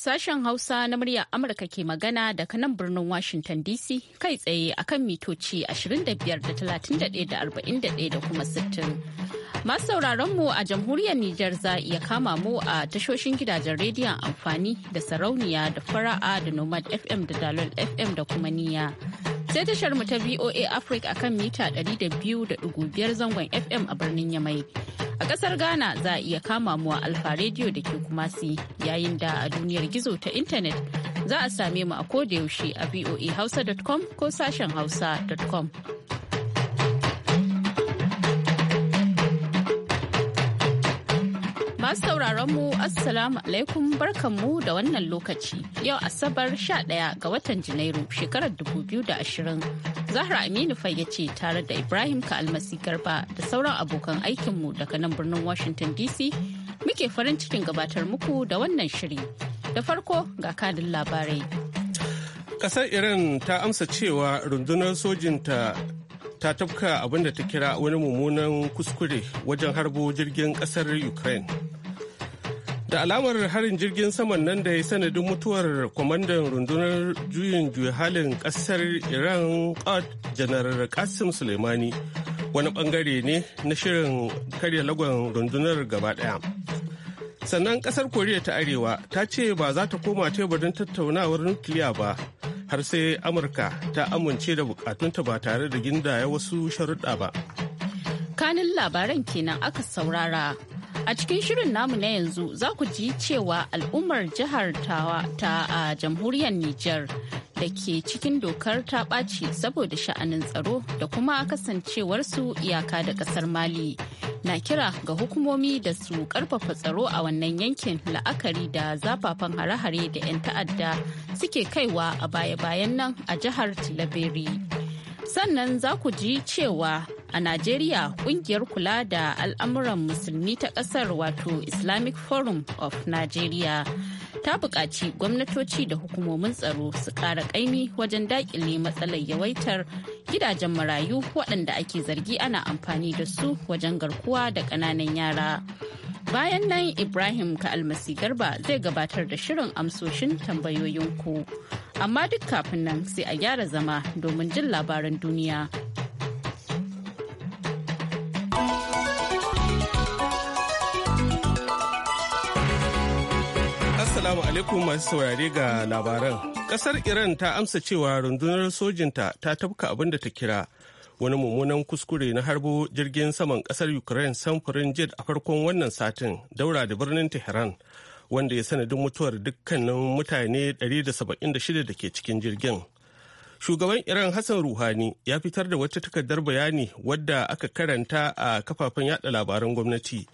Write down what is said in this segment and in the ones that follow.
Sashen Hausa na muryar Amurka ke magana daga nan birnin Washington DC kai tsaye akan mitoci 25 da 31 da kuma 60. Masu sauraron mu a jamhuriyar Nijar za iya kama mu a tashoshin gidajen rediyon amfani da sarauniya da fara'a da Nomad FM da Dalol FM da kuma niya. Sai tashar mu ta VOA Africa akan mita 200.5 zangon FM a birnin Yamai. A ƙasar Ghana za a iya kama mu a Alfa Radio da ke Kumasi yayin da a duniyar gizo ta intanet za a same mu a yaushe a voahausa.com ko sashen hausa.com. Masu sauraron mu Assalamu alaikum barkanmu da wannan lokaci. Yau Asabar 11 ga watan Janairu shekarar 2020. Zahra Aminu Fayya ce tare da Ibrahim ka Almasi Garba da sauran abokan aikinmu daga nan birnin Washington DC muke farin cikin gabatar muku da wannan shiri. Da farko ga kadin labarai. Kasar Iran ta amsa cewa rundunar sojinta ta tafka abin da ta kira wani mummunan kuskure wajen harbo jirgin kasar ukraine da alamar harin jirgin saman nan da ya sanadin mutuwar kwamandan rundunar juyin juya halin kasar iran janar kasim suleimani wani bangare ne na shirin karya lagon rundunar gaba daya sannan kasar koriya ta arewa ta ce ba za ta koma teburin tattaunawar nukiliya ba har sai amurka ta amince da bukatunta ba tare da ginda ya wasu sharuɗa ba kanin labaran kenan aka saurara a cikin shirin namu na yanzu za ku ji cewa al'ummar jihar tawa ta a jamhuriyar Nijar. da ke cikin dokar ta ɓaci saboda sha'anin tsaro da kuma kasancewarsu iyaka da ƙasar mali na kira ga hukumomi da su ƙarfafa tsaro a wannan yankin la'akari da zafafan hare-hare da 'yan ta'adda suke kaiwa a baya-bayan nan a jihar tilaberi sannan za ku ji cewa A Najeriya kungiyar kula da al'amuran musulmi ta ƙasar wato Islamic Forum of Nigeria ta buƙaci gwamnatoci da hukumomin tsaro su ƙara ƙaimi wajen daƙile matsalar yawaitar gidajen marayu waɗanda ake zargi ana amfani da su wajen garkuwa da ƙananan yara. Bayan nan Ibrahim ka almasi garba zai gabatar da shirin amsoshin tambayoyinku. Amma duk kafin nan sai a gyara zama domin jin labaran duniya Assalamu alaikum masu saurare ga labaran. Kasar Iran ta amsa cewa rundunar sojinta ta tafka abin da ta kira wani mummunan kuskure na harbo jirgin saman kasar Ukraine samfurin jet a farkon wannan satin daura da birnin Tehran wanda ya sanadin mutuwar dukkanin mutane 176 da ke cikin jirgin. Shugaban Iran Hassan Ruhani ya fitar da wata takardar bayani wadda aka karanta a kafafen yada labaran gwamnati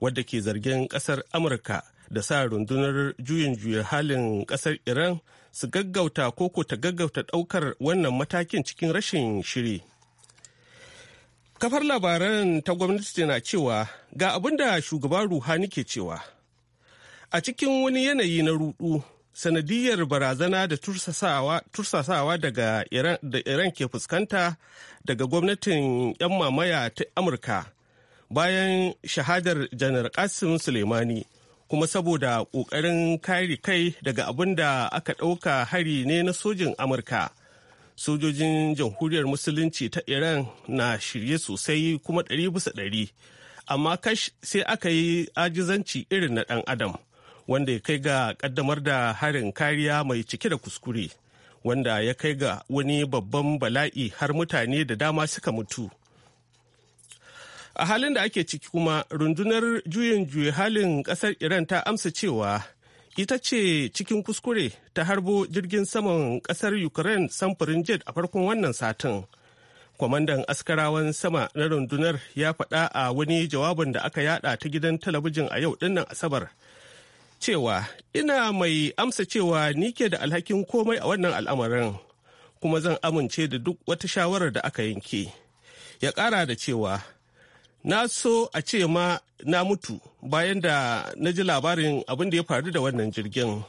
wadda ke zargin kasar Amurka. da sa rundunar juyin juya halin kasar iran su gaggauta koko ta gaggauta daukar wannan matakin cikin rashin shiri kafar labaran ta gwamnati na cewa ga abin da shugaban ruhani ke cewa a cikin wani yanayi na rudu sanadiyar barazana da tursasawa daga da iran ke fuskanta daga gwamnatin 'yan mamaya ta amurka bayan shahadar janar kasim suleimani kuma saboda ƙoƙarin kare kai daga abin da aka ɗauka hari ne na sojin amurka sojojin jamhuriyar musulunci ta iran na shirye sosai kuma ɗari bisa ɗari amma kash sai aka yi ajizanci irin na ɗan adam wanda ya kai ga ƙaddamar da harin kariya mai cike da kuskure wanda ya kai ga wani babban bala'i har mutane da dama suka mutu a halin da ake ciki kuma rundunar juyin juye halin kasar iran ta amsa cewa ita ce cikin kuskure ta harbo jirgin saman kasar ukraine samfurin jet a farkon wannan satin kwamandan askarawan sama na rundunar ya faɗa a wani jawabin da aka yada ta gidan talabijin a yau dinnan asabar cewa ina mai amsa cewa ni ke da alhakin komai a wannan al'amarin kuma zan amince da duk wata shawarar da aka yanke ya ƙara da cewa na so a ce ma na mutu bayan da na ji labarin abin da ya faru da wannan jirgin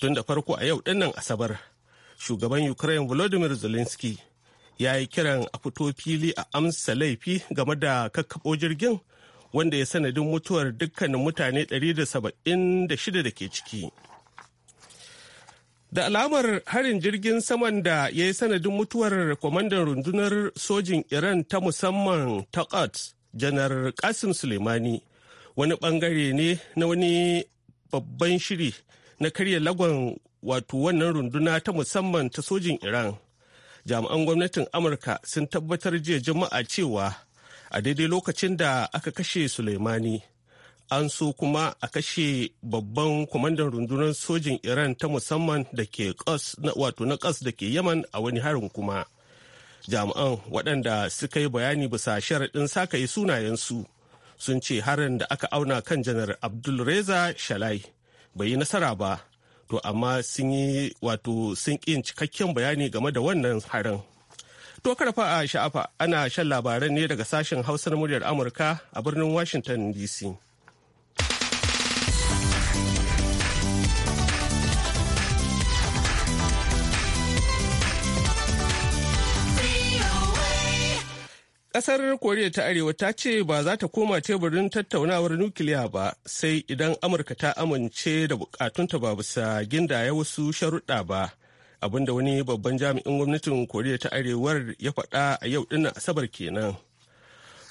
tun da farko a yau dinnan asabar shugaban ukraine volodymyr zelensky ya yi kiran a fito fili a amsa laifi game da kakkaɓo jirgin wanda ya sanadin mutuwar dukkanin mutane 176 da ke ciki da alamar harin jirgin saman da ya yi sanadin mutuwar kwamandan rundunar sojin iran ta musamman ta janar kasim suleimani wani bangare ne na wani babban shiri na karya lagon wato wannan runduna ta musamman ta sojin iran jami'an gwamnatin amurka sun tabbatar jiya juma'a cewa a daidai lokacin da aka kashe suleimani an so kuma a kashe babban kwamandan rundunar sojin iran ta musamman da ke wato na kas da ke yaman a wani harin kuma jami'an waɗanda suka yi bayani bisa sharaɗin yi sunayensu sun ce harin da aka auna kan janar abdulreza shalai bai yi nasara ba to amma sun yi wato sun ƙi cikakken bayani game da wannan harin to karfa a sha'afa ana shan labaran ne daga sashen hausar muryar amurka a birnin washington dc Kasar Koriya ta Arewa ta ce ba za ta koma teburin tattaunawar nukiliya ba sai idan Amurka ta amince da bukatunta ba bisa gindaya wasu sharuɗa ba. Abinda wani babban jami'in gwamnatin Koriya ta Arewar ya faɗa a yau ɗin Asabar kenan.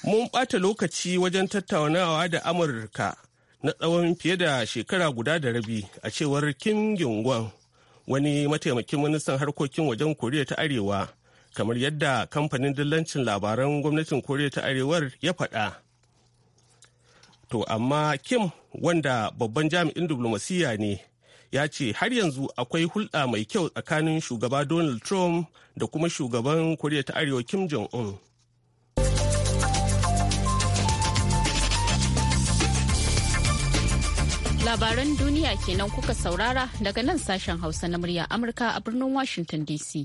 Mun ɓata lokaci wajen tattaunawa da Amurka na tsawon fiye da shekara guda da rabi a cewar Kim wani mataimakin ministan harkokin wajen Koriya ta Arewa kamar yadda kamfanin dillancin labaran gwamnatin koriya ta arewar ya faɗa to amma kim wanda babban jami'in diplomasiya ne ya ce har yanzu akwai hulɗa mai kyau tsakanin shugaba donald trump da kuma shugaban koriya ta arewa kim jong-un labaran duniya kenan kuka saurara daga nan sashen hausa na murya amurka a birnin washington dc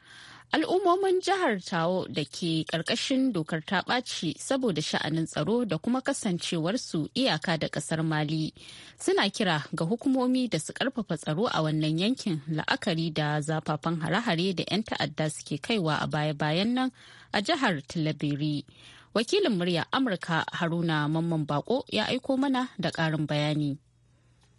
al'ummomin jihar tao da ke ƙarƙashin dokar ta ɓaci saboda sha'anin tsaro da kuma kasancewarsu iyaka da ƙasar mali suna kira ga hukumomi da su ƙarfafa tsaro a wannan yankin la'akari da zafafan hare-hare da 'yan ta'adda suke kaiwa a baya-bayan nan a jihar tilabiri wakilin murya amurka haruna mamman bako ya aiko mana da ƙarin bayani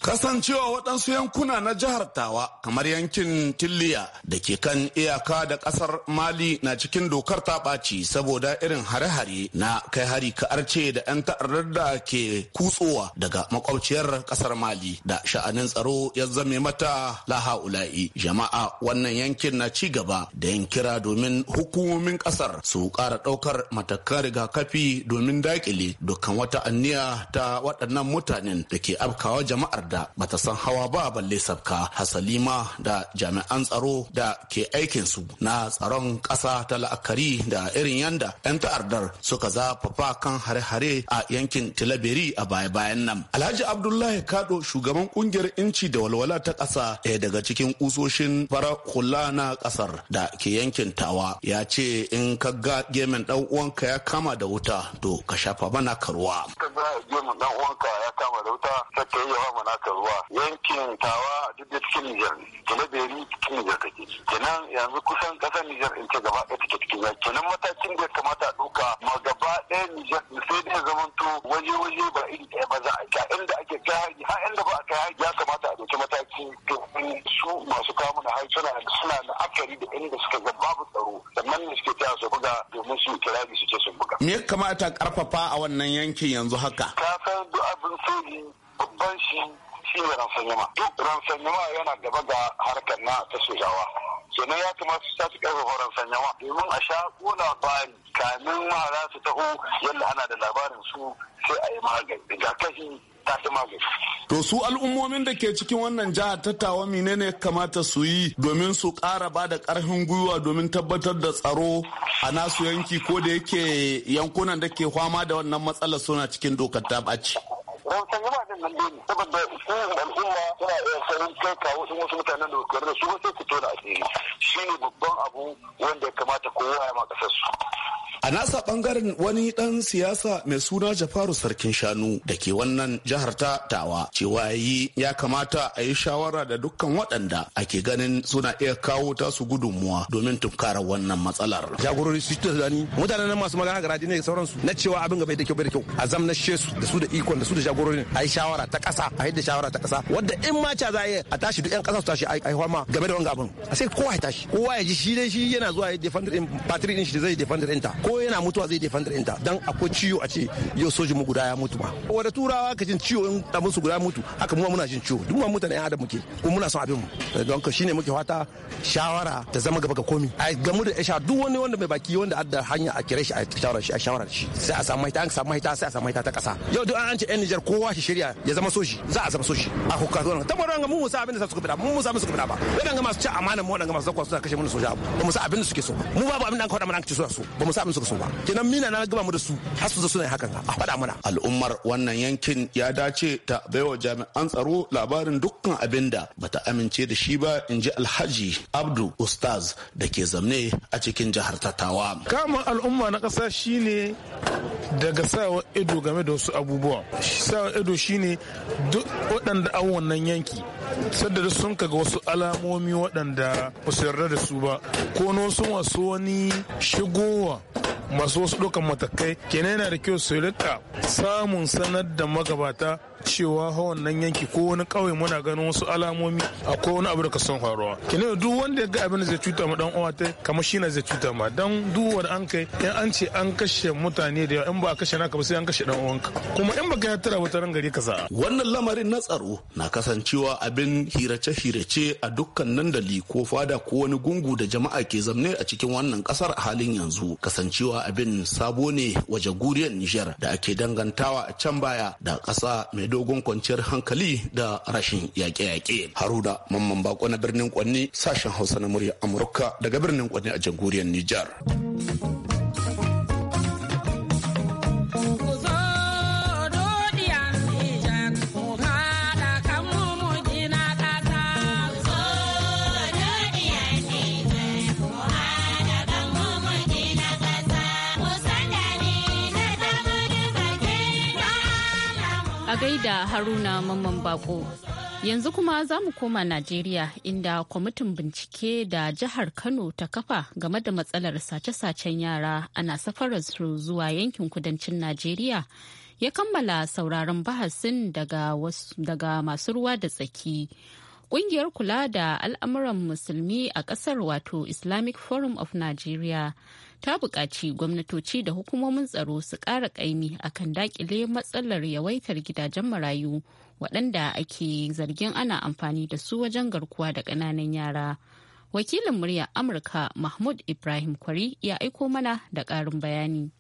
Kasancewa waɗansu yankuna na jihar Tawa kamar yankin Tiliya, da ke kan iyaka da ƙasar Mali na cikin dokar ta ɓaci saboda irin hare-hare na kai hari ka arce da 'yan ta'addar da ke kutsowa daga makwabciyar ƙasar Mali da sha'anin tsaro ya zame mata laha'ula'i. Jama'a wannan yankin na ci gaba da yin kira domin hukumomin ƙasar su ƙara ɗaukar matakan rigakafi domin daƙile dukkan wata anniya ta waɗannan mutanen da ke afkawa jama'ar da bata san hawa ba balle sabka hasalima da jami'an tsaro da ke aikin su na tsaron ƙasa ta la'akari da irin yanda 'yan ta'addar suka zafafa kan hare-hare a yankin tilaberi a baya-bayan nan alhaji abdullahi kado shugaban kungiyar inci da walwala ta ƙasa ɗaya daga cikin usoshin fara kula na ƙasar da ke yankin tawa ya ce in ka ga gemin ɗan uwanka ya kama da wuta to ka shafa mana karuwa. ka ga gemin ɗan uwanka ya kama da wuta sai ka yi yawa mana haka ruwa yankin tawa duk da cikin Nijar ne talabiri cikin Nijar take kenan yanzu kusan kasar Nijar in ce gaba ɗaya take cikin yaki kenan matakin da ya kamata a ɗauka ma gaba ɗaya Nijar sai dai zamanto waje-waje ba iri ɗaya ba za a ga inda ake kai hari har inda ba a kai hari ya kamata a ɗauki mataki domin su masu kawo mana hari suna suna la'akari da inda suka ga babu tsaro sannan ne suke taya su buga domin su kirari su ce sun buga. Me ya kamata karfafa a wannan yankin yanzu haka? Ka san duk abin sirri babban shi shi duk yana gaba ga harkar na ta sojawa kenan ya kuma su tashi karfafa domin a sha kona bani kamin za su taho yadda ana da labarin su sai a yi magani magani. To su al'ummomin da ke cikin wannan jihar tattawa menene kamata su yi domin su kara ba da karfin gwiwa domin tabbatar da tsaro a nasu yanki ko da yake yankunan da ke fama da wannan matsalar suna cikin dokar ta ɓaci. don san yaba din nan dole saboda su al'umma suna iya sanin kai kawo sun wasu mutanen da kare da su sai su tona asiri shine babban abu wanda ya kamata kowa ya ma kasar su A nasa bangaren wani dan siyasa mai suna Jafaru Sarkin Shanu da ke wannan jihar ta Tawa cewa yi ya kamata a yi shawara da dukkan waɗanda ake ganin suna iya kawo tasu gudunmuwa domin tunkara wannan matsalar. Jagorori su ci zani mutanen nan masu magana garaji ne sauransu na cewa abin gaba da kyau bai da kyau a zamna shesu da su da ikon da su da jagororin a yi shawara ta ƙasa a da shawara ta ƙasa wadda in ma ca za a yi a tashi duk 'yan ƙasa su tashi a yi hama game da wanga abin a sai kowa ya tashi kowa ya ji shi dai shi yana zuwa ya defender in patri din shi zai defender ta ko ko yana mutuwa zai defend inta dan akwai ciwo a ce yau sojin mu guda ya mutu ba wanda turawa ka jin ciwo in da musu guda mutu haka mu muna jin ciwo duk mu mutane ya da muke ko muna son abin mu don ka shine muke fata shawara ta zama gaba ga komi a gamu da isha duk wani wanda mai baki wanda adda hanya a kire shi a shawara shi a shawara shi sai a samu hita an samu hita sai a samu hita ta kasa yau duk an ce yan Niger kowa shi shirya ya zama soji za a zama soji a hukka zuwa ta mu ranga mu musa abin da su fada mu musa musu fada ba da ga masu ci amana mu wadan ga masu zakwa suna kashe mu soja ba mu sa abin da suke so mu babu abin da an kawo da mu an ci so ba mu sa abin suka so ba kenan mina na gaba mu da su har su zo suna hakan a faɗa mana al'ummar wannan yankin ya dace ta baiwa jami'an tsaro labarin dukkan abin da bata amince da shi ba in ji alhaji abdu ustaz da ke zamne a cikin jihar tattawa kama al'umma na ƙasa shine daga sawa ido game da wasu abubuwa sawa ido shine duk waɗanda an wannan yanki sadda sun kaga wasu alamomi waɗanda ba su yarda da su ba ko sun wasu wani shigowa masu wasu ɗaukan matakai kenan yana da kyau su rika samun sanar da magabata cewa hawan nan yanki ko wani kauye muna ganin wasu alamomi ko wani abu da ka son faruwa kina duk wanda ya ga abin da zai cuta ma dan uwa ta kamar shi na zai cuta ma dan duk wanda an kai in an ce an kashe mutane da yawa in ba a kashe naka ba sai an kashe dan uwanka kuma in baka yattara ba ran gari ka sa. wannan lamarin na tsaro na kasancewa abin hirace-hirace a dukkan nan dali ko fada ko wani gungu da jama'a ke zamne a cikin wannan kasar a halin yanzu kasancewa abin sabo ne waje guriyar Nijar da ake dangantawa a can baya da kasa mai dogon kwanciyar hankali da rashin yaƙe-yaƙe. Haruna Mamman Bako na birnin Kwanni sashen Hausa na murya Amurka daga birnin Kwanni a jamhuriyar Nijar. da haruna mamman bako yanzu kuma za mu koma najeriya inda kwamitin bincike da jihar kano ta kafa game da matsalar sace-sacen yara ana safararsu zuwa yankin kudancin najeriya ya kammala sauraron bahasin daga, masu ruwa da tsaki ƙungiyar kula da al'amuran musulmi a ƙasar wato islamic forum of nigeria ta buƙaci gwamnatoci da hukumomin tsaro su ƙara ƙaimi kan daƙile matsalar yawaitar gidajen marayu waɗanda ake zargin ana amfani da su wajen garkuwa da ƙananan yara. Wakilin murya Amurka Mahmud Ibrahim Kwari ya aiko mana da ƙarin bayani.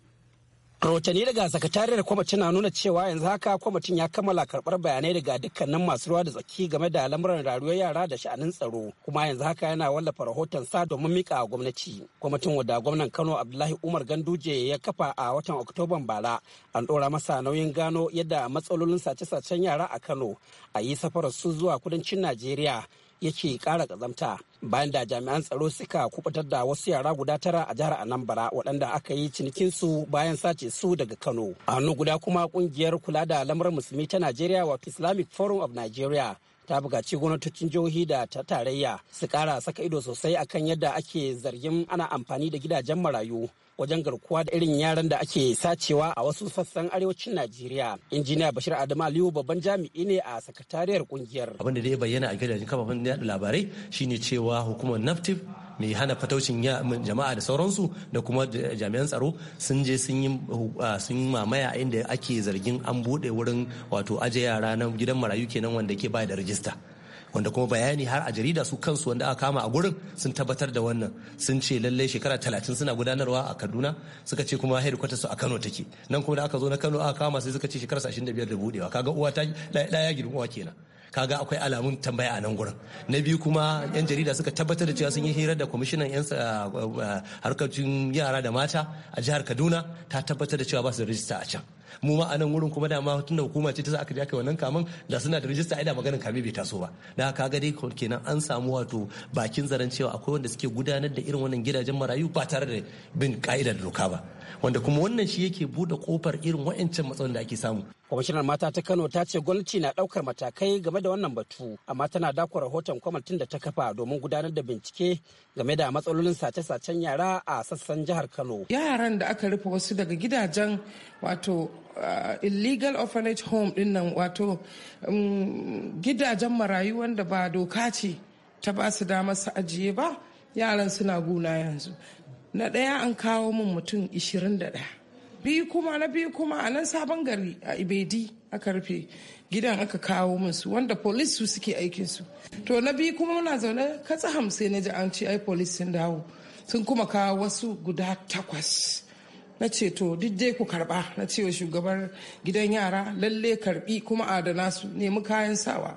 rahotanni daga sakatariyar kwamitin na nuna cewa yanzu haka kwamitin ya kammala karbar bayanai daga dukkanin masu ruwa da tsaki game da lamuran rayuwar yara da sha'anin tsaro kuma yanzu haka yana wallafa rahoton sa domin mika a gwamnati kwamitin wadda gwamnan kano abdullahi umar ganduje ya kafa a watan oktoban Bala an ɗora masa nauyin gano yadda matsalolin sace-sacen yara a kano a yi safarar su zuwa kudancin najeriya yake kara kazamta bayan da jami'an tsaro suka kubutar da wasu yara guda tara a jihar anambra waɗanda aka yi cinikinsu bayan sace su daga kano a hannu guda kuma kungiyar kula da lamarin musulmi ta nigeria wato islamic forum of nigeria ta buƙaci gwamnatocin jihohi da ta tarayya su ƙara saka ido sosai akan yadda ake zargin ana amfani da gidajen marayu wajen garkuwa da irin yaran da ake sacewa a wasu sassan arewacin Najeriya. Injiniya Bashir Adamu Aliyu babban jami'i ne a sakatariyar kungiyar. Abin da dai bayyana a gidajen kafafen yaɗa labarai shine cewa hukumar Naftif, mai hana fataucin jama'a da sauransu da kuma jami'an tsaro sun je uh, sun yi mamaya inda ake zargin an buɗe wurin wato aje yara na gidan marayu kenan wanda ke ba da rajista. wanda kuma bayani har a jarida su kansu wanda aka kama a gurin sun tabbatar da wannan sun ce lallai shekara talatin suna gudanarwa a kaduna suka ce kuma headquarters su a kano take nan kuma da aka zo na kano aka kama sai suka ce shekara ashirin da biyar da budewa kaga uwa ta ɗaya gidan uwa kenan kaga akwai alamun tambaya a nan gurin na biyu kuma yan jarida suka tabbatar da cewa sun yi hira da kwamishinan yan harkar yara da mata a jihar kaduna ta tabbatar da cewa ba su da a can mu ma a nan wurin kuma dama tun da hukuma ce ta sa aka je aka wannan kaman da suna da rijista ai da maganar kame bai taso ba da ka ga dai kenan an samu wato bakin zaren cewa akwai wanda suke gudanar da irin wannan gidajen marayu ba tare da bin ka'idar doka ba wanda kuma wannan shi yake buɗe kofar irin wa'ancan matsalolin da ake samu kwamishinar mata ta kano ta ce gwamnati na ɗaukar matakai game da wannan batu amma tana dako rahoton kwamitin da ta kafa domin gudanar da bincike game da matsalolin sace-sacen yara a sassan jihar kano yaran da aka rufe wasu daga gidajen wato uh, illegal orphanage home din nan wato um, gidajen marayu wanda ba doka ce ta ba su damar su ajiye ba yaran suna guna yanzu na ɗaya an kawo min mutum 21 biyu kuma na biyu kuma a nan sabon gari a ibedi aka rufe gidan aka kawo min su wanda polis su suke aikin su to na biyu kuma muna zaune katsa hamsin na ji an ce ai polis sun dawo sun kuma kawo wasu guda takwas na ce to duk dai ku karba na cewa shugabar gidan yara lalle karbi kuma adana su nemi kayan sawa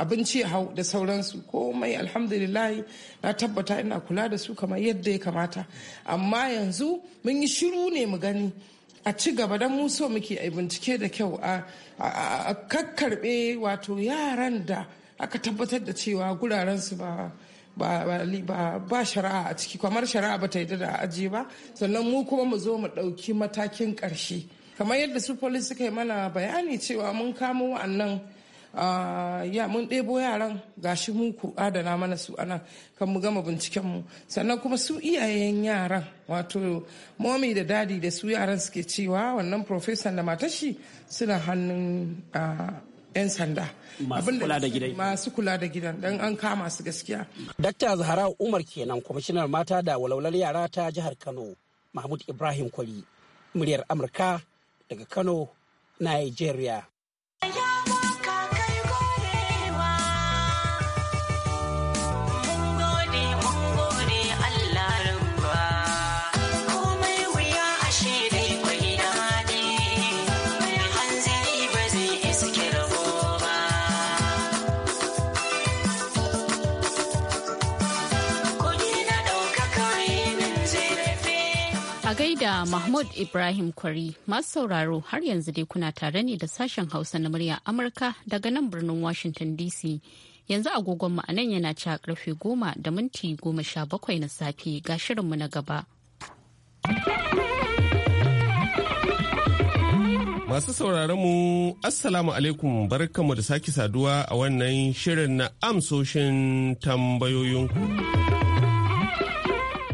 abinci ya hau da sauransu komai alhamdulillah na tabbata ina kula da su kamar yadda ya kamata amma yanzu mun yi shiru ne mu gani a ci gaba don mu so muke a bincike da kyau a kakkarbe wato yaran da aka tabbatar da cewa gurarensu ba ba shari'a a ciki kamar shari'a ba ta yi da aji ba sannan mu kuma mu zo mu ɗauki matakin ƙarshe kamar yadda su polisi suka yi mana bayani cewa mun kamo wa'annan Ah, ya mun ɗebo yaran gashi mun ku adana mana su anan kan mu gama binciken mu sannan kuma su iyayen yaran wato momi da dadi da su yaran suke cewa wannan professor da matashi suna hannun ah, 'yan sanda masu kula da gidan masu kula da gidan dan an kama su gaskiya dakta zahara umar kenan kwamishinar mata da walwalar yara ta jihar kano mahmud ibrahim kwari muryar amurka daga kano nigeria da Mahmud Ibrahim Kwari masu sauraro har yanzu dai kuna tare ne da sashen Hausa na murya Amurka daga nan birnin Washington DC. Yanzu agogon mu anan yana ci karfe goma da minti goma sha bakwai na safe ga shirinmu na gaba. Masu sauraron mu Assalamu alaikum barkamu da sake saduwa a wannan shirin na amsoshin tambayoyinku.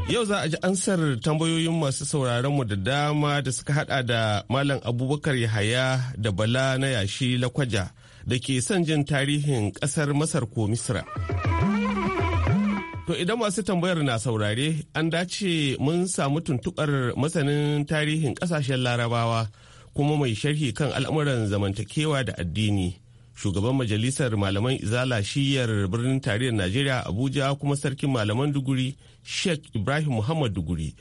Yau za a ji ansar tambayoyin masu sauraronmu da dama da suka hada da Malam Abubakar Yahaya da Bala na yashi Lakwaja da ke son jin tarihin ƙasar Masar ko Misra. To idan masu tambayar na saurare an dace mun samu tuntuɓar masanin tarihin ƙasashen larabawa kuma mai sharhi kan al'amuran zamantakewa da addini. shugaban majalisar malaman izala shiyar birnin Tarihin najeriya abuja kuma sarkin malaman duguri sheikh ibrahim muhammad duguri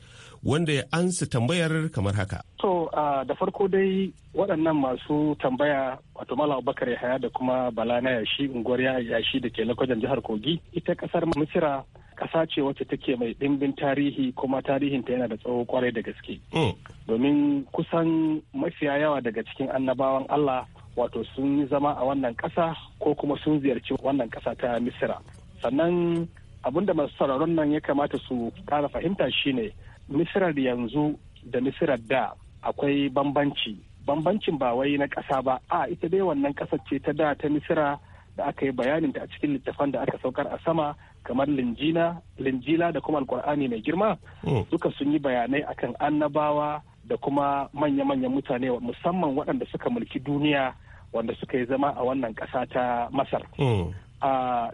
wanda ya ansa tambayar kamar haka to da farko dai waɗannan masu tambaya wato mala abubakar yahaya da kuma bala na yashi unguwar yashi da ke lakwajen jihar kogi ita kasar misira kasa ce wacce take mai ɗimbin tarihi kuma tarihinta yana da tsawo kwarai da gaske mm. domin kusan mafiya yawa daga cikin annabawan allah wato sun yi zama a wannan ƙasa ko kuma sun ziyarci wannan ƙasa ta misira sannan abinda masu sauraron nan ya kamata su ƙara fahimta shine misirar yanzu da misirar da akwai bambanci bambancin ba wai na ƙasa ba a ita dai wannan ƙasar ce ta da ta misira da aka yi bayanin ta a cikin littafan da aka saukar a sama kamar linjila da kuma alkur'ani mai girma hmm. duka sun yi bayanai akan annabawa da kuma manya-manyan mutane musamman waɗanda suka mulki duniya wanda suka yi zama a wannan ƙasa ta masar hmm.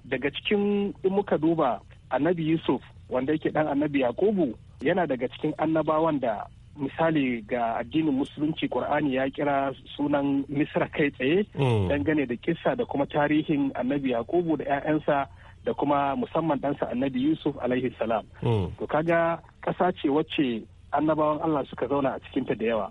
daga cikin in muka duba annabi yusuf wanda yake dan annabi yakubu yana daga cikin annabawan da misali ga addinin musulunci qur'ani ya kira sunan misra kai tsaye hmm. dangane da kissa da kuma tarihin annabi yakubu da 'ya'yansa da kuma musamman ɗansa annabi yusuf alaihi salam hmm. to kaga ƙasa ce wacce annabawan allah suka zauna a cikinta da yawa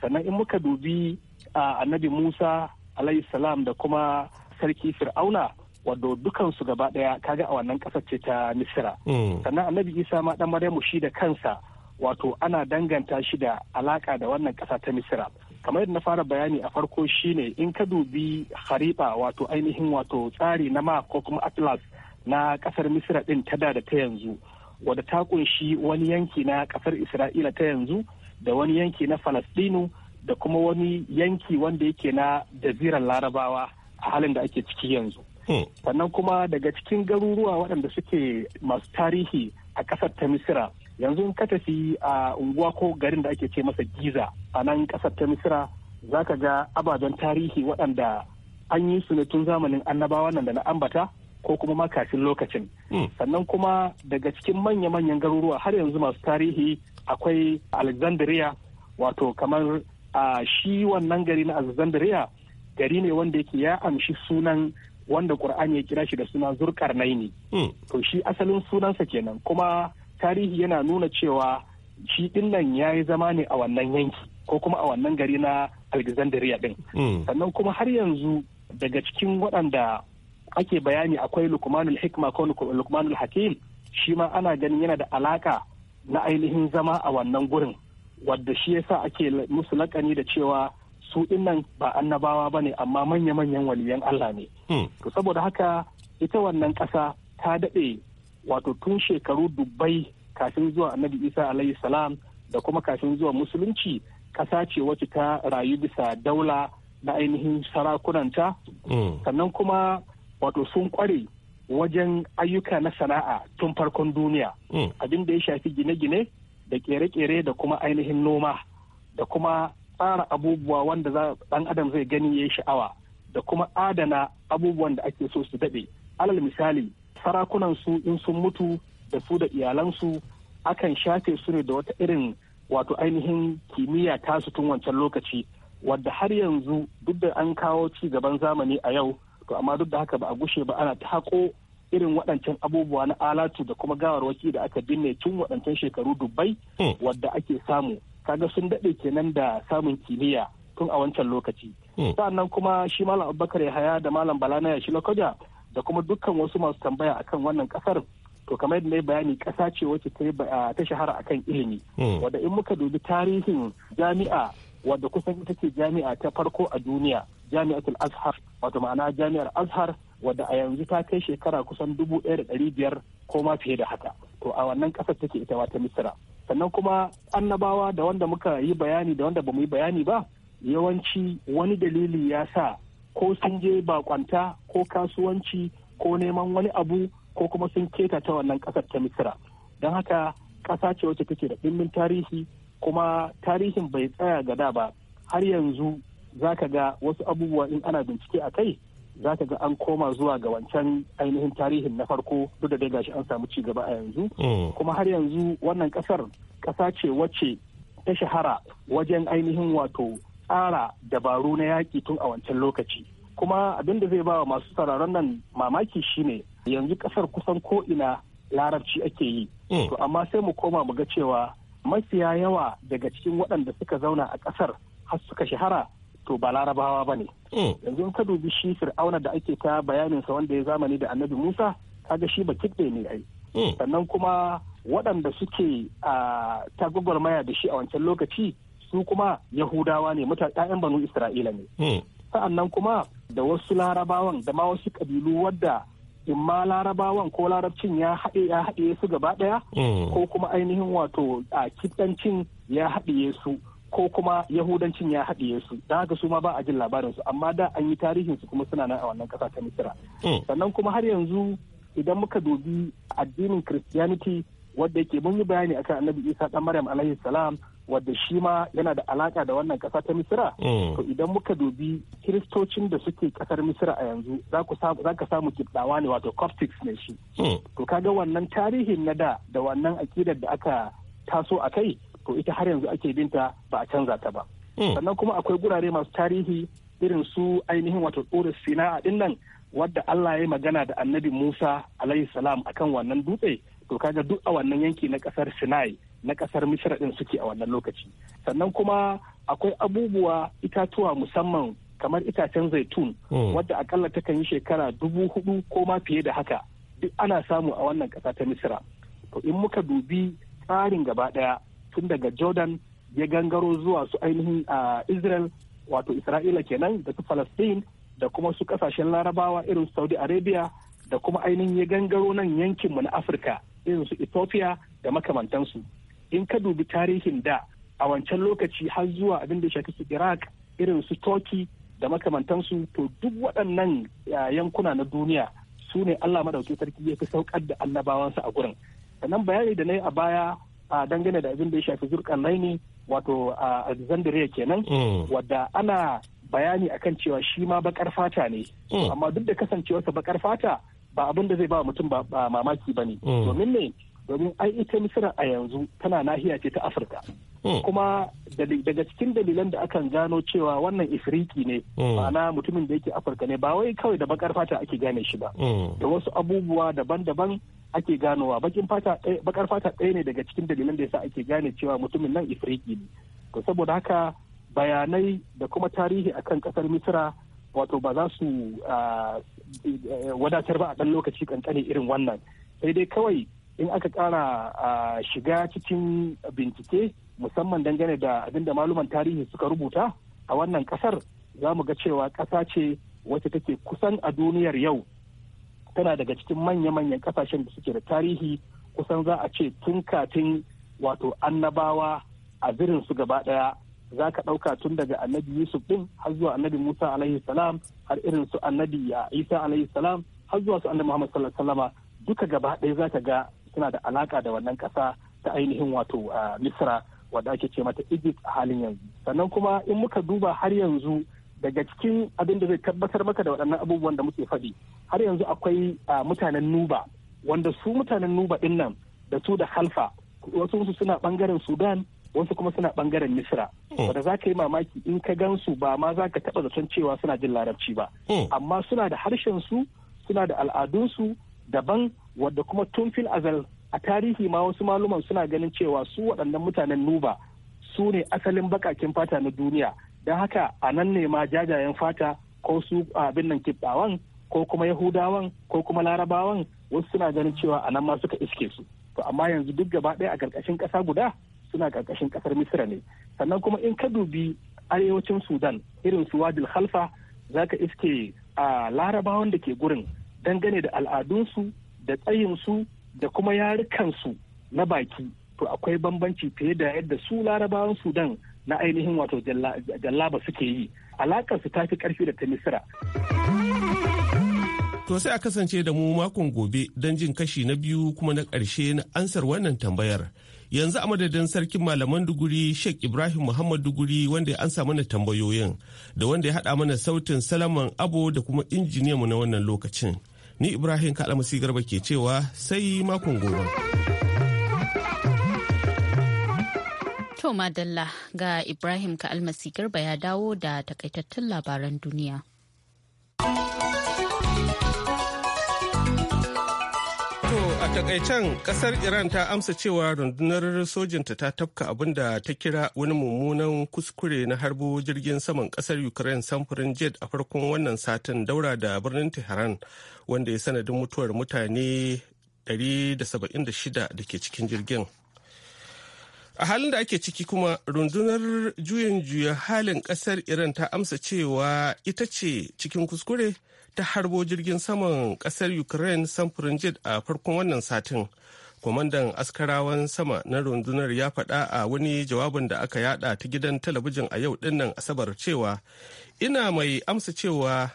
sannan in muka dubi annabi musa alayhi da kuma sarki fir'auna wato dukansu gaba daya kaga a wannan kasar ce ta misira mm. sannan annabi isa ma dan maryamu shi da kansa wato ana danganta shi da alaka da wannan kasa ta misira kamar yadda na fara bayani a farko shine in ka dubi hariba wato ainihin wato tsari na ma ko kuma atlas na kasar misira din ta da ta yanzu wadda ta kunshi wani yanki na kasar isra'ila ta yanzu da wani yanki na falastinu da kuma wani yanki wanda yake na jaziran larabawa a halin da ake ciki yanzu hmm. sannan kuma daga cikin garuruwa waɗanda suke masu tarihi a ƙasar ta misira yanzu ka tafi a unguwa ko garin da ake ce masa giza a nan ƙasar ta misira za ka ga ababen tarihi waɗanda an yi su ne tun zamanin annabawa nan da na ambata ko kuma ma lokacin hmm. sannan kuma daga cikin manya-manyan garuruwa har yanzu masu tarihi akwai alexandria wato kamar a shi wannan gari na Alexandria gari ne wanda yake ya amshi sunan wanda Qur'ani ya kira shi da suna Zurkarnaini hmm. to shi asalin sunansa kenan kuma tarihi yana nuna cewa shi nan ya yi zama ne a wannan yanki ko kuma a wannan gari na Alexandria din hmm. sannan kuma har yanzu daga cikin waɗanda ake bayani akwai lukmanul hikma ko lukmanul hakim shi ma ana ganin yana da alaka na ainihin zama a wannan gurin wadda shi yasa ake musu lakani da cewa su dinnan ba annabawa ba ne amma manya-manyan waliyan Allah ne. Hmm. To saboda haka ita wannan ƙasa ta daɗe wato tun shekaru dubbai kafin zuwa annabi Isa alayhi salam da kuma kafin zuwa musulunci ƙasa ce wacce ta rayu bisa daula na ainihin sarakunanta. Hmm. Sannan kuma wato sun ƙware wajen ayyuka na sana'a tun farkon duniya. Hmm. Abin da ya shafi gine-gine da kere-kere da kuma ainihin noma da kuma tsara abubuwa wanda dan adam zai gani ya yi sha'awa da kuma adana abubuwan da ake so su daɗe alal misali sarakunan su in sun mutu da su da iyalansu akan shafe su ne da wata irin wato ainihin kimiyya ta su tun wancan lokaci wadda har yanzu duk da an kawo ci gaban zamani a yau to amma duk da haka ba a gushe ba ana ta haƙo irin waɗancan abubuwa na alatu da kuma gawarwaki da aka binne tun waɗancan shekaru dubbai hmm. wadda ake samu kaga sun daɗe kenan da samun kimiyya tun a wancan lokaci hmm. sa'annan kuma shi malam abubakar yahaya da malam bala na yashi lokaja da kuma dukkan wasu masu tambaya akan wannan kasar to kamar yadda yi bayani kasa ce wacce ta shahara akan ilimi hmm. wadda in muka dubi tarihin jami'a wadda kusan ita ce jami'a ta farko a duniya jami'atul azhar wato ma'ana jami'ar azhar wadda a yanzu ta kai shekara kusan dubu ɗaya da ɗari biyar ko ma fiye da haka to a wannan ƙasar take ita wata ta misira sannan kuma annabawa da wanda muka yi bayani da wanda ba mu yi bayani ba yawanci wani dalili ya sa ko sun je bakwanta ko kasuwanci ko neman wani abu ko kuma sun keta ta wannan ƙasar ta misira don haka ƙasa ce wacce take da ɗimbin tarihi kuma tarihin bai tsaya ga da ba har yanzu za ka ga wasu abubuwa in ana bincike a kai za ka ga an koma zuwa ga wancan ainihin tarihin na farko duk da dai gashi an samu ci gaba a yanzu mm. kuma har yanzu wannan kasar kasa ce wacce ta shahara wajen ainihin wato tsara dabaru na yaƙi tun a wancan lokaci kuma abin da zai ba wa masu sauraron nan mamaki shine yanzu kasar kusan ko ina larabci ake yi mm. to amma sai mu koma mu ga cewa mafiya yawa daga cikin waɗanda suka zauna a ƙasar har suka shahara to ba larabawa ba ne mm. yanzu ka dubi shi fir'auna da ake ta bayaninsa wanda ya zamani da annabi musa kaga shi ba kidde ne ai mm. sannan kuma waɗanda suke a ta maya da shi a wancan lokaci su kuma yahudawa ne mutane 'ya'yan banu isra'ila ne mm. sa'annan kuma da wasu larabawan da ma wasu kabilu wadda in ma larabawan ko larabcin ya haɗe ya haɗe su gaba ɗaya ko kuma ainihin wato a kiɗancin ya haɗe su ko kuma yahudancin ya haɗiye su don haka su ma ba a jin labarin su amma da an yi tarihin su kuma suna nan a wannan ƙasa ta misira hmm. sannan kuma har yanzu idan muka dubi addinin christianity wadda yake mun yi bayani akan annabi isa dan maryam alaihi salam wadda shi ma yana da alaka da wannan kasa ta misira hmm. to idan muka dubi kiristocin da suke kasar misira a yanzu za ka samu kibdawa ne wato coptics ne shi hmm. to kaga wannan tarihin na da da wannan akidar da aka taso a kai to ita har yanzu ake binta ba a canza ta ba hmm. sannan kuma akwai gurare masu tarihi irin su ainihin wato sina a din nan wadda Allah ya yi magana da annabi Musa alayhi salam akan wannan dutse to kaga duk a wannan yanki na ƙasar Sinai na ƙasar Misra din suke a wannan lokaci sannan kuma akwai abubuwa itatuwa musamman kamar itacen zaitun hmm. wadda akalla takan yi shekara dubu hudu ko ma fiye da haka duk ana samu a wannan ƙasa ta Misra to in muka dubi tsarin gaba ɗaya. tun daga jordan ya gangaro zuwa su ainihin a israel wato isra'ila kenan da su palestine da kuma su kasashen larabawa irin saudi arabia da kuma ainihin ya gangaro nan yankinmu na afirka irin su ethiopia da makamantansu in ka dubi tarihin da a wancan lokaci har zuwa abin da shafi su iraq irin su turkey da makamantansu to duk waɗannan yankuna na duniya su ne allah madauki sarki ya fi saukar da annabawansa a gurin sannan bayani da na yi a baya a dangane da abin da ya shafi zurkan laini wato a alexandria kenan hmm. wadda ana bayani akan cewa shi ma bakar fata ne hmm. amma duk da kasancewarsa bakar fata ba abin da zai ba mutum ba mamaki ba ne hmm. domin ne domin ai ita misira a yanzu tana nahiya ce ta afirka hmm. kuma daga cikin dalilan da akan gano cewa wannan ifiriki ne hmm. ma'ana mutumin da yake afirka ne ba wai kawai da bakar fata ake gane shi ba hmm. da wasu abubuwa daban-daban ake ganowa bakin fata eh, bakar fata ɗaya ne daga cikin dalilan da yasa ake gane cewa mutumin nan ifiriki ne to saboda haka bayanai da kuma tarihi akan kasar misira wato ba za su ah, eh, wadatar ba a ɗan lokaci kankani irin wannan sai dai kawai in aka ƙara shiga cikin bincike musamman dangane da abin da maluman tarihi suka rubuta a wannan ƙasar za mu ga cewa ƙasa ce wacce take kusan a duniyar yau tana daga cikin manya-manyan ƙasashen da suke da tarihi kusan za a ce tun katin wato annabawa a zirin su gaba ɗaya za ka ɗauka tun daga annabi yusuf ɗin har zuwa annabi musa alaihi salam har irin su annabi isa alaihi salam har zuwa su annabi muhammad sallallahu alaihi duka gaba ɗaya za ka ga suna da alaka da wannan ƙasa ta ainihin wato misra wadda ake ce mata egypt a halin yanzu sannan kuma in muka duba har yanzu daga cikin abin da zai tabbatar maka da waɗannan abubuwan da muke faɗi har yanzu akwai mutanen nuba wanda su mutanen nuba ɗin nan da su da halfa wasu su suna bangaren sudan wasu kuma suna bangaren misra hmm. wanda za ka yi mamaki in ka gan su ba ma za ka taɓa zaton cewa suna jin larabci ba hmm. amma suna da harshen su suna da al'adunsu daban wadda kuma tun fil azal a tarihi ma wasu maluman suna ganin cewa su waɗannan mutanen nuba su ne asalin bakakin fata na duniya don haka a nan ne ma jajayen fata ko su abin nan kibbawan ko kuma yahudawan ko kuma larabawan wasu suna ganin cewa a nan ma suka iske su to amma yanzu duk gaba ɗaya a ƙarƙashin ƙasa guda suna ƙarƙashin ƙasar misira ne sannan kuma in ka dubi arewacin sudan irin su wadil halfa za ka iske a larabawan da ke gurin dangane da al'adunsu da tsayinsu da kuma yarukansu na baki to akwai bambanci fiye da yadda su larabawan sudan na ainihin wato jallaba suke yi alakarsu ta fi karfi da ta misira to sai a kasance da mu makon gobe don jin kashi na biyu kuma na ƙarshe na ansar wannan tambayar yanzu a madadin sarkin malaman duguri sheikh ibrahim muhammad duguri wanda ya ansa mana tambayoyin da wanda ya haɗa mana sautin salaman abo da kuma injiniyanmu na wannan lokacin ni ibrahim kalamasi garba ke cewa sai makon gobe to madalla ga ibrahim almasi garba ya dawo da takaitattun labaran duniya takaicen kasar iran ta amsa cewa rundunar sojinta ta tafka abin da ta kira wani mummunan kuskure na harbo jirgin saman kasar ukraine samfurin jet a farkon wannan satin daura da birnin tehran wanda ya sanadin mutuwar mutane 176 da ke cikin jirgin a halin da ake ciki kuma rundunar juyin juya halin kasar iran ta amsa cewa ita ce cikin kuskure ta harbo jirgin saman kasar ukraine samfurin jet a farkon wannan satin kwamandan askarawan sama na rundunar ya faɗa a wani jawabin da aka yada ta gidan talabijin a yau dinnan asabar cewa ina mai amsa cewa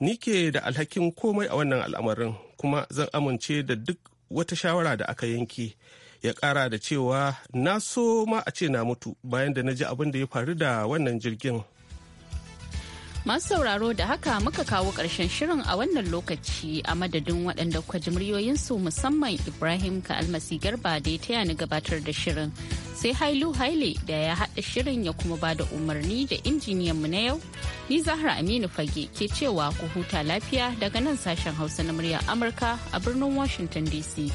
ni ke da alhakin komai a wannan al'amarin kuma zan amince da duk wata shawara da aka yanki ya kara da cewa na so ma a ce na mutu bayan da na ji abin da ya faru da wannan jirgin Masu sauraro da haka muka kawo ƙarshen shirin a wannan lokaci a madadin waɗanda kwa muryoyinsu musamman Ibrahim ka almasi garba da ya taya ni gabatar da shirin. Sai Hailu Haile da ya haɗa shirin ya kuma ba da umarni da injiniyan mu na yau. Ni Zahra Aminu Fage ke cewa ku huta lafiya daga nan sashen Hausa na muryar Amurka a birnin Washington DC.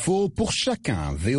faut pour chacun.